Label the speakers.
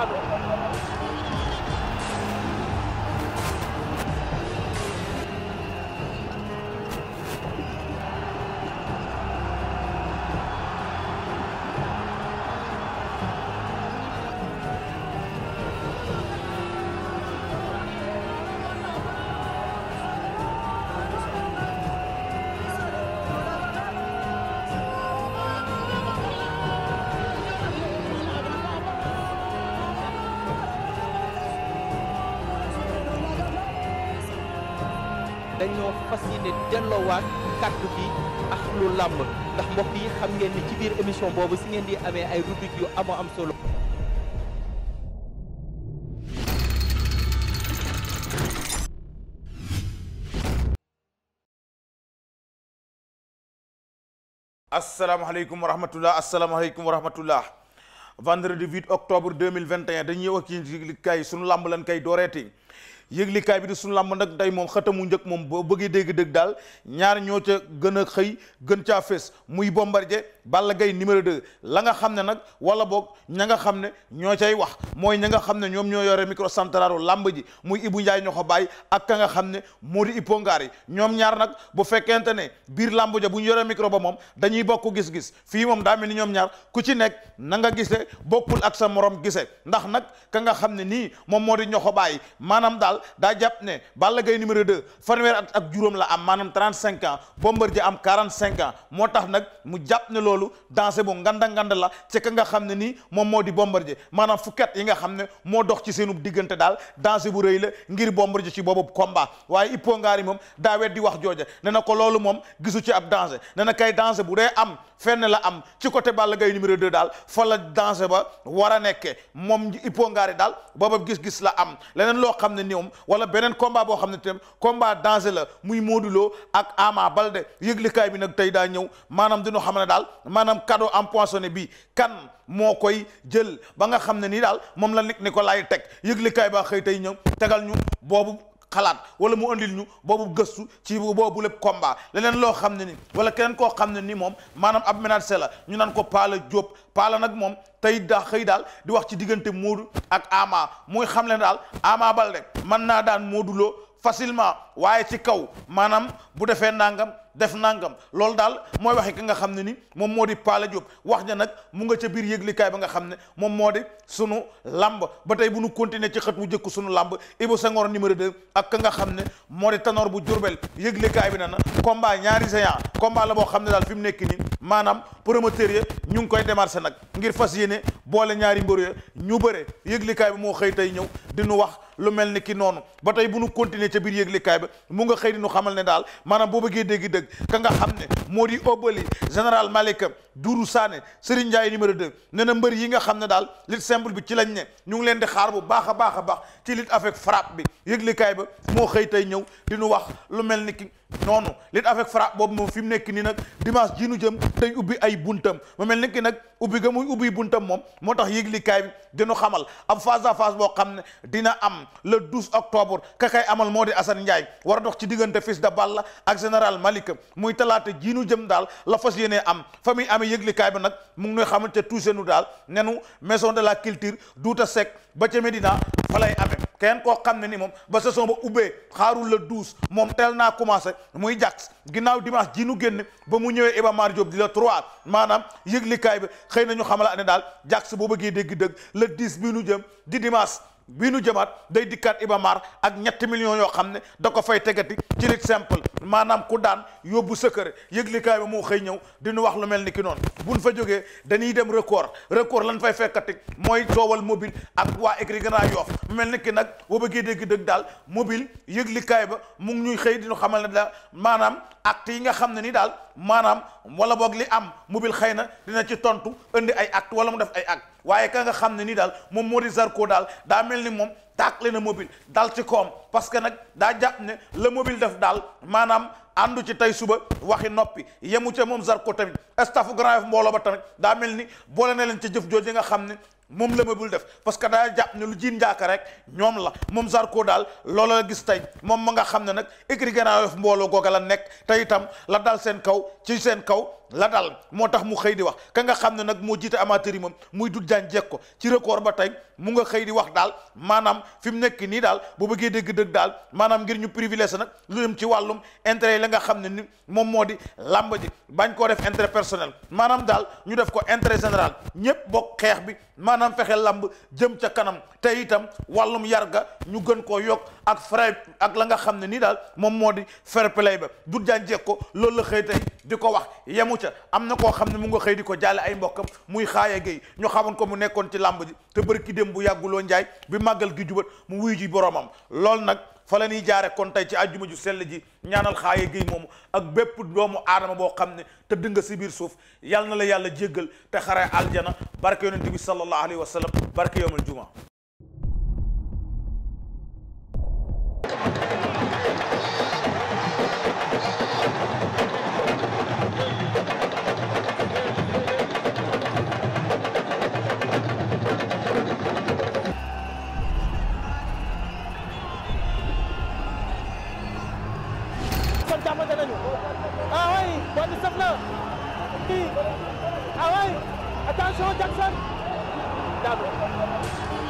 Speaker 1: Thiago. dañoo fas yéene delloowaat kàddu bi ak lu làmb ndax mbokk yi xam ngeen dañuy wax ci kay sunu làmb lan kay dooreeti. yëglikaay bi di suñu làmb nag tey moom xëtamu njëkk moom boo bëggee dégg-dégg daal ñaar ñoo ca gën a xëy gën caa fees muy Bombardier Balla Gaye numéro 2 la nga xam ne nag wala boog ña nga xam ne ñoo cay wax mooy ña nga xam ne ñoom ñoo yore micro centraru làmb ji muy Ibou Ndiaye ñoo ko bàyyi ak ka nga xam ne moo di ipongaar yi ñoom ñaar nag bu fekkente ne biir làmb ja bu ñu yore micro ba moom dañuy bokk gis-gis fii moom daa mel ni ñoom ñaar ku ci nekk na nga gisee bokkul ak sa morom gisee ndax nag ka nga xam ne nii moom moo di ñoo bàyyi maanaam daal Fall daa jàpp ne Balla Gaye numéro 2 fanweer at ak juróom la am maanaam 35 ans Bombardier am 45 ans moo tax nag mu jàpp ne loolu dansé bu nganda nganda la ci ka nga xam ne nii moom moo di Bombardier maanaam fukkat yi nga xam ne moo dox ci seenu diggante daal dansé bu rëy la ngir Bombardier ci boobu combat waaye Hippo Ngari moom daa di wax jooja ne na ko loolu moom gisu ci ab dansé ne na kay dansé bu dee am fenn la am ci côté Balla Gaye numéro 2 daal fa la dansé ba war a nekkee moom Hippo Ngari daal booba gis-gis la am leneen loo xam ne ni moom wala beneen komba boo xam ne tam combat danger la muy Modou Lo ak Ama Balde yëglikaay bi nag tey daa ñëw maanaam dinu xam ne daal maanaam kado cadeau empoisonné bi kan moo koy jël ba nga xam ne nii daal moom la nekk ni ko laay teg yëglikaay ba xëy tey ñëw tegal ñu boobu xalaat wala mu andil ñu boobu gëstu ci boobu lépp komba leneen loo xam ne ni wala keneen koo xam ne ni moom maanaam ab ménage la ñu naan ko Paala Diop Paala nag moom tey da xëy daal di wax ci diggante Modou ak Ama muy xam le leen daal bal Baldé mën naa daan Modou Lo facilement waaye ci kaw maanaam bu defee nangam def nangam loolu daal mooy waxi ki nga xam ne ni moom moo di Paala Diop wax ja nag mu nga ca biir yëglikaay ba nga xam ne moom moo di sunu lamb ba tey bu nu continuer ci xët wu jëkk sunu lamb Ibu Senghor numéro 2 ak ka nga xam ne moo di Tanor bu Jurbel yëglikaay bi na na combat ñaari géant combat la boo xam ne daal fi mu nekk nii maanaam promoteur ya ñu ngi koy démarché nag ngir fas yéene boole ñaari mbër ya ñu bëre yëglikaay bi moo xëy tey ñëw di wax. lu mel ni ki noonu ba tey bu nu continuer ca biir yëglikaay ba mu nga xëy di nu xamal ne daal maanaam boo bëggee dégg dëgg nga xam ne moo di Obali général Malick Dourou Sané Serigne Ndiaye numéro 2 na mbër yi nga xam ne daal lit simple bi ci lañ ne ñu ngi leen di xaar bu baax a baax a baax ci lit avec frappe bi yëglikaay ba moo xëy tey ñëw di nu wax lu mel ni ki noonu lit avec frappe boobu moom fi mu nekk nii nag dimanche ji nu jëm tey ubbi ay buntam mu mel ni ki nag ubbi ga muy ubbi buntam moom moo tax yëglikaay bi dinu xamal ab face à face boo xam ne dina am le 12 octobre ka amal moo di Assane Ndiaye war a dox ci diggante Fils de Balla ak général Malick muy talaata jiinu jëm daal la fas yéenee am fa muy amee yëglikaay bi nag mu ngi ñuy xamal ca tuusenu daal nenu maison de la culture duuta sec ba ca Médina fa lay amee kenn koo xam ne ni moom ba sa saison ba ubbee xaarul la douze moom teel naa commencé muy jax ginnaaw dimanche ji nu génn ba mu ñëwee Iba Mar Diop di la trois maanaam yëglikaay bi xëy na ñu xamal ne daal jax boo bëggee dégg-dëgg le dix bii nu jëm di dimanche. bii nu jëmaat day dikkaat Ibamar ak ñetti million yoo xam ne da ko fay tegati ci lit simple maanaam ku daan yóbbu sa kër yëglikaay ba moo xëy ñëw di nu wax lu mel ni ki noonu buñ fa jógee dañuy dem record record lan fay fekkati mooy coowal mobile ak waa écrit ganaa a yoof mel ni ki nag boo bëggee dégg dëgg daal mobile yëglikaay ba mu ñuy xëy di ñu xamal ne daal maanaam acte yi nga xam ne nii daal maanaam wala boog li am mu bil xëy na dina ci tontu indi ay acte wala mu def ay acte waaye ka nga xam ne nii daal moom moo di Zarko daal daa mel ni moom tàqale na mobile daal ci koom parce que nag daa jàpp ne la mobile def daal maanaam àndu ci tey suba waxi noppi yemu ca moom Zarko tamit staffu Grand Yoff mbooloo ba tamit daa mel ni boole na leen ca jëf jooju nga xam ne moom la def parce que daa jàpp ne lu jiin njaaka rek ñoom la moom sarko daal loola la gis tey moom ma nga xam ne nag écrit Grand Yoff mbooloo googa la nekk tey itam la daal seen kaw ci seen kaw la dal moo tax mu xëy di wax ka nga xam ne nag moo jiite amateur yi moom muy dut jaan jekk ko ci record ba tey mu nga xëy di wax daal maanaam fi mu nekk nii daal bu bëggee dëgg-dëgg daal maanaam ngir ñu privilège nag lu dem ci wàllum intérêt yi la nga xam ne ni moom moo di làmb ji bañ koo def intérêt personnel maanaam daal ñu def ko intérêt général ñépp bokk xeex bi maanaam fexe làmb jëm ca kanam tey itam wàllum ga ñu gën koo yokk ak frais ak la nga xam ne nii daal moom moo di fair ba dut jaan ko loolu la xëy di ko wax ca am na koo xam ne mu nga xëy di ko jàlle ay mbokkam muy xaaya géey ñu xamoon ko mu nekkoon ci làmb ji te bëri ki dem bu yàgguloo njaay bi màggal gi jubat mu wuyu ji boroomam loolu nag fa la ñuy jaare kon tey ci àjjuma ju sell ji ñaanal xaaye géey moomu ak bépp doomu aadama boo xam ne tëdd nga si biir suuf yal na la yàlla jéggal te xare aljana barke yonent bi sallallahu alayhi wa sallam barke yowmal juma attention Jackson daanu